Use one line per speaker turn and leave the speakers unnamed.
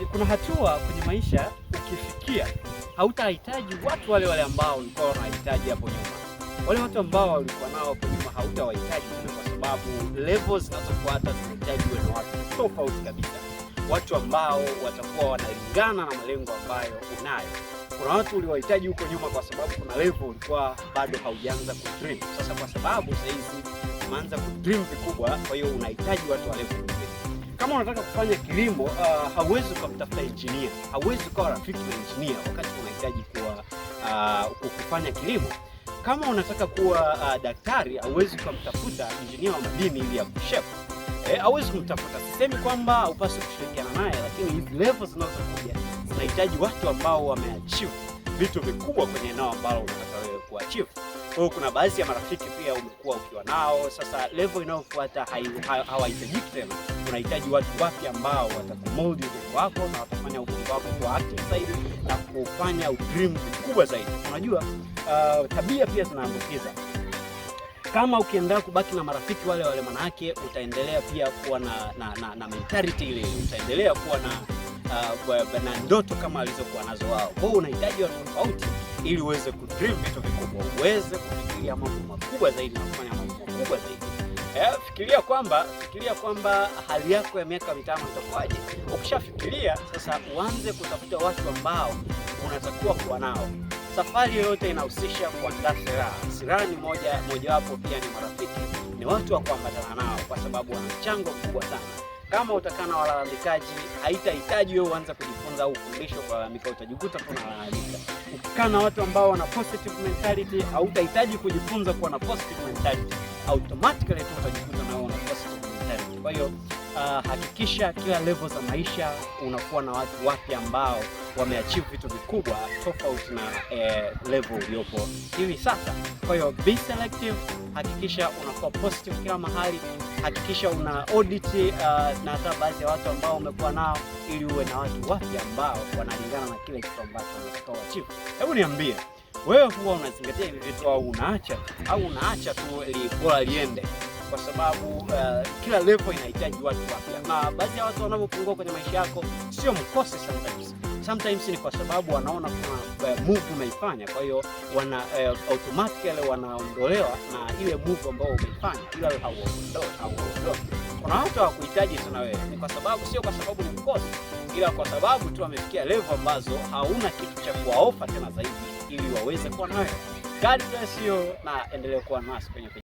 kuna hatua kwenye maisha ukifikia hautahitaji watu wale wale ambao ulikuwa unahitaji hapo nyuma. Wale watu ambao walikuwa nao hapo nyuma hautawahitaji tena, kwa sababu levels zinazofuata zinahitaji uwe watu tofauti kabisa, watu ambao watakuwa wanalingana na malengo ambayo unayo. Kuna watu uliwahitaji huko nyuma kwa sababu kuna level ulikuwa bado haujaanza kudream. Sasa kwa sababu sasa umeanza kudream vikubwa, kwa hiyo unahitaji watu wa level kama unataka kufanya kilimo uh, hauwezi ukamtafuta injinia, hauwezi ukawa rafiki wa injinia wakati unahitaji kuwa uh, kufanya kilimo. Kama unataka kuwa uh, daktari, hauwezi ukamtafuta injinia wa madini ili ya kushefu e, eh, hauwezi kumtafuta. Sisemi kwamba upasi kushirikiana naye, lakini hizi levo zinazokuja zinahitaji watu ambao wameachieve vitu vikubwa kwenye eneo ambalo unataka wewe kuachieve. Kwa kuna baadhi ya marafiki pia umekuwa ukiwa nao, sasa levo inayofuata hawahitajiki tena unahitaji watu wapya ambao watakumold uwezo wako na watafanya uwezo wako kwa active zaidi na kufanya udream mkubwa zaidi. Unajua uh, tabia pia zinaambukiza. Kama ukiendelea kubaki na marafiki wale wale, manake utaendelea pia kuwa na, na, na, na mentality ile, utaendelea kuwa na uh, na ndoto kama alizokuwa nazo wao. Kwa hiyo unahitaji watu tofauti ili uweze kudream vitu vikubwa, uweze kufikiria mambo makubwa zaidi na kufanya mambo makubwa zaidi. Eh, fikiria kwamba fikiria kwamba hali yako ya miaka mitano itakuwaje? Ukishafikiria sasa, uanze kutafuta watu ambao unatakiwa kuwa nao. Safari yoyote inahusisha kuandaa silaha. Silaha ni moja mojawapo, pia ni marafiki, ni watu wa kuambatana nao, kwa sababu wana mchango mkubwa sana. Kama utakaa na walalamikaji, haitahitaji wewe uanze kujifunza au kufundishwa kulalamika, utajikuta tu unalalamika. Ukikaa na watu ambao wana positive mentality, hautahitaji kujifunza kuwa na positive mentality automatically tu utajikuta na wewe unakuwa Kwa hiyo uh, hakikisha kila level za maisha unakuwa na watu wapya ambao wameachieve vitu vikubwa tofauti na eh, level uliopo hivi sasa. Kwa hiyo be selective, hakikisha unakuwa positive kila mahali, hakikisha una audit uh, na hata baadhi ya watu ambao umekuwa nao ili uwe na watu wapya ambao wanalingana na kile kitu ambacho unataka uachieve. Hebu niambie wewe huwa unazingatia hivi vitu au unaacha au unaacha tu ili bora liende, kwa sababu uh, kila level inahitaji watu wapya, na baadhi ya watu wanavyopungua kwenye maisha yako sio mkose sometimes sometimes ni kwa sababu wanaona kuna uh, move umeifanya, kwa hiyo wana uh, automatically wanaondolewa na ile move ambayo umeifanya, ila wewe hauondoki. Kuna watu hawakuhitaji sana wewe, ni kwa sababu sio kwa sababu ni mkose, ila kwa sababu tu wamefikia level ambazo hauna kitu cha kuwaofa tena zaidi ili waweze kuwa nayo. God bless you na endelee kuwa nasi kwenye